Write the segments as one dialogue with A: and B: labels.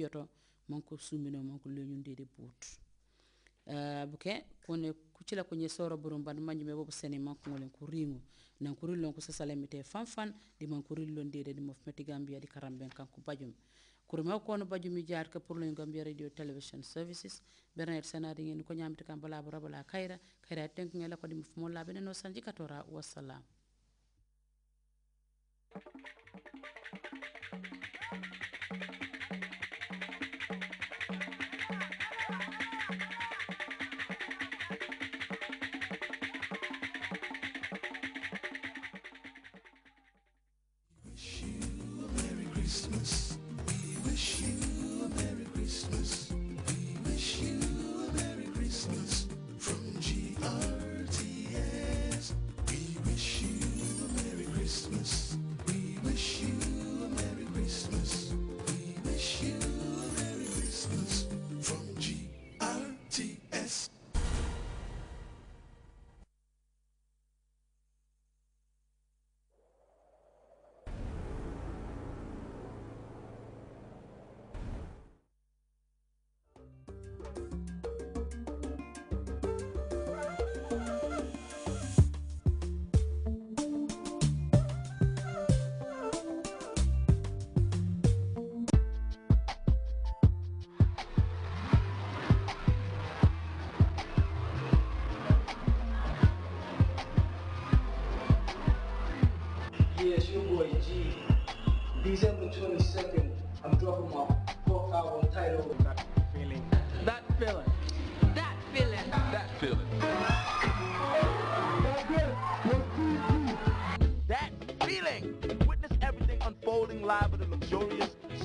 A: piyoto manko sumino manko leñun de boot uh, eh, buke kone kucila kunye soro burum ban manju me bobu sene manko ngolen ku ringo nan ku rilon ku sasale mite fanfan di man ku rilon de di mofmeti gambia di karamben kan ku bajum kurma no bajum mi jaar ka pour le gambia radio television services bernard senadi ngi ko nyamti kam bala bala kayra kayra tenk ngela ko di mo la benen no sanji katora wassalam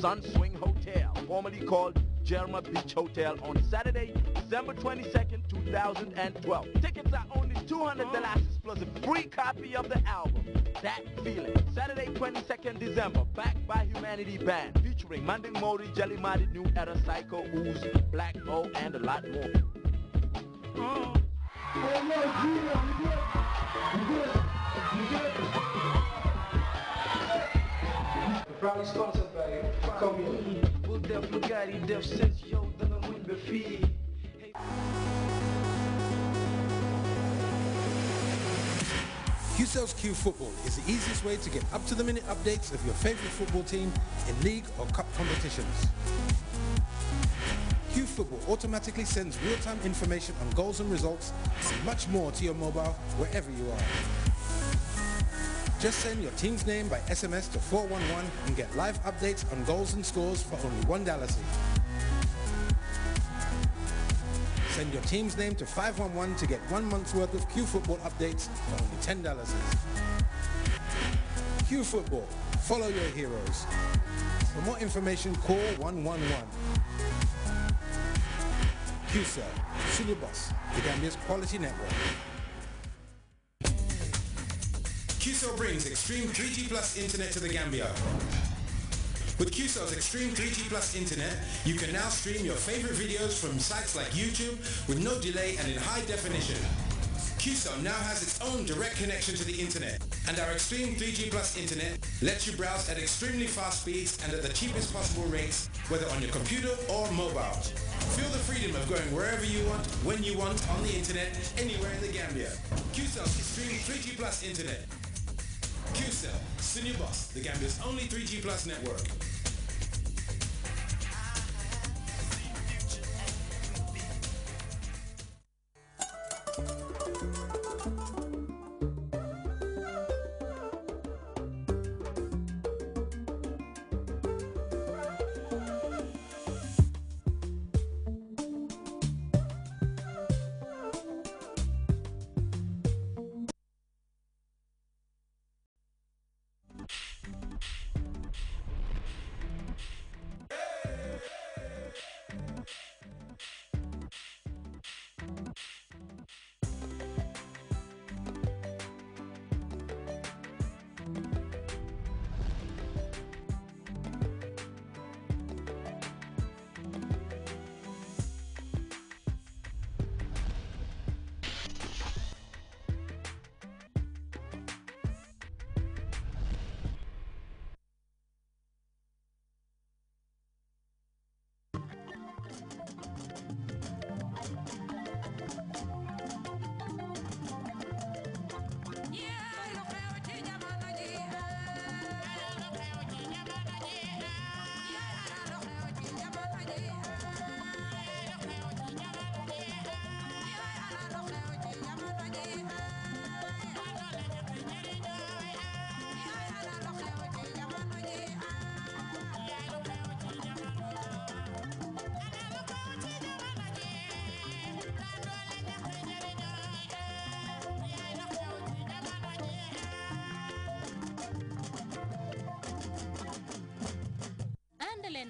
B: Sun Swing Hotel, formerly called Jerma Beach Hotel on Saturday, December 22nd, 2012. Tickets are only 200 dollars plus a free copy of the album, That Feeling. Saturday, 22nd December, backed by Humanity Band, featuring Manding Mori, Jelly Mighty, New Era, Psycho, Ooze, Black O, and a lot more. Oh. Rally sponsored by Commune. Q Football is the easiest way to get up-to-the-minute updates of your favorite football team in league or cup competitions. Q Football automatically sends real-time information on goals and results and much more to your mobile wherever you are. Just send your team's name by SMS to 411 and get live updates on goals and scores for only $1. Send your team's name to 511 to get one month's worth of Q Football updates for only $10. Q Football. Follow your heroes. For more information, call 111. QCell, Sulu Bus, the Gambia's quality network. QSO brings extreme 3G plus internet to the Gambia. With QSO's Extreme 3G Plus Internet, you can now stream your favorite videos from sites like YouTube with no delay and in high definition. QSO now has its own direct connection to the internet, and our Extreme 3G Plus Internet lets you browse at extremely fast speeds and at the cheapest possible rates, whether on your computer or mobile. Feel the freedom of going wherever you want, when you want, on the internet, anywhere in the Gambia. QSO's Extreme 3G Plus Internet, QCell, Bus, the Gambia's only 3G plus network.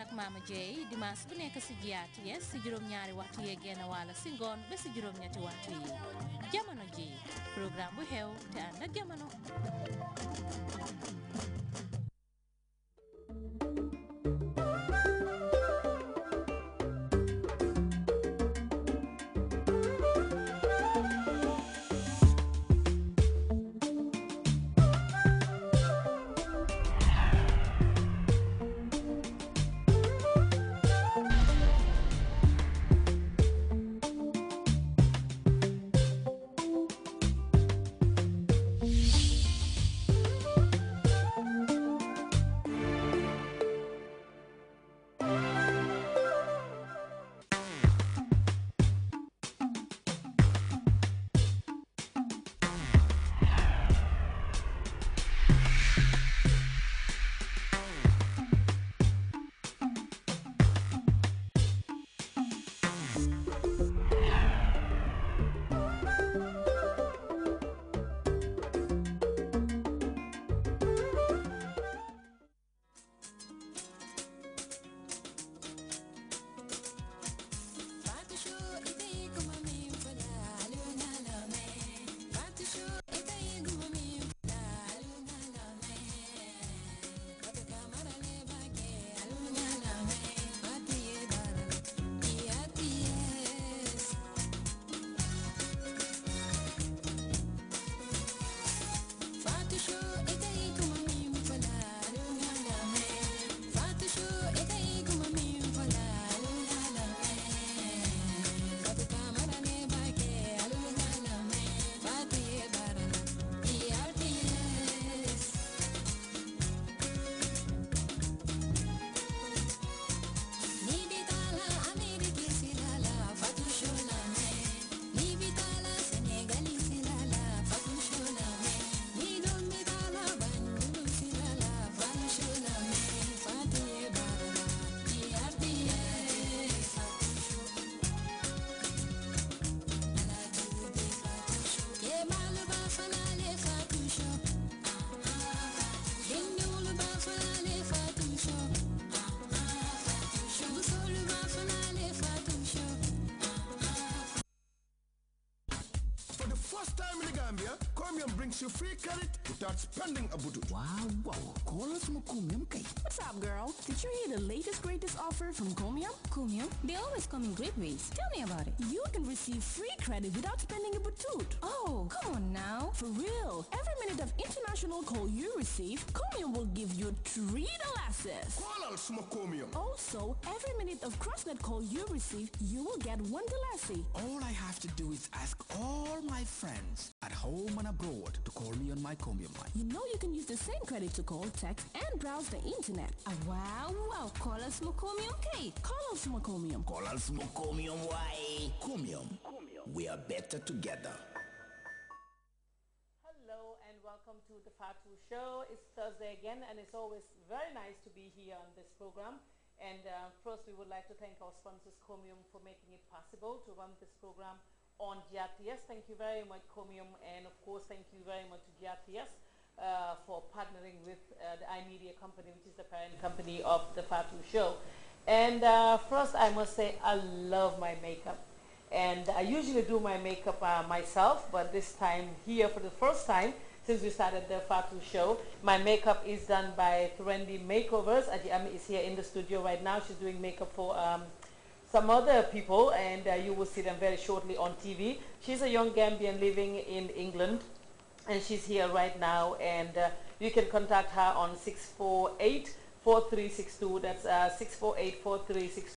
A: ak Mama Dieye dimanche bu nekk si Jia TS si juróom-ñaari waxtu yee génn wàll si ngoon ba si juróom-ñetti waxtu yi jamono ji programme bu xew te ànd ak jamono.
B: your free credit without spending a budget. Wow,
A: wow. Call us What's up, girl? Did you hear the latest greatest offer from Comium? Comium? They always come in great ways. Tell me about it. You can receive free credit without spending a batoot. Oh, come on now. For real. Every minute of international call you receive, Comium will give you three dollars. Also, every minute of CrossNet call you receive, you will get one dollar. All I have to do is ask all my friends
B: at home and abroad to call me on my Comium line.
A: You know you can use the same credit to call, text, and browse the internet we are
B: better together.
A: Hello and welcome to the Fatu Show. It's Thursday again and it's always very nice to be here on this program. And uh, first we would like to thank our sponsors Comium for making it possible to run this program on GRTS. Thank you very much Comium and of course thank you very much to GRTS uh, for partnering with uh, the iMedia company, which is the parent company of the Fatu show. And uh, first, I must say I love my makeup. And I usually do my makeup uh, myself, but this time here for the first time, since we started the Fatu show. My makeup is done by Threndi Makeovers. Adiami is here in the studio right now. She's doing makeup for um, some other people and uh, you will see them very shortly on TV. She's a young Gambian living in England and she's here right now and uh, you can contact her on 648 4362 that's uh, 648 4362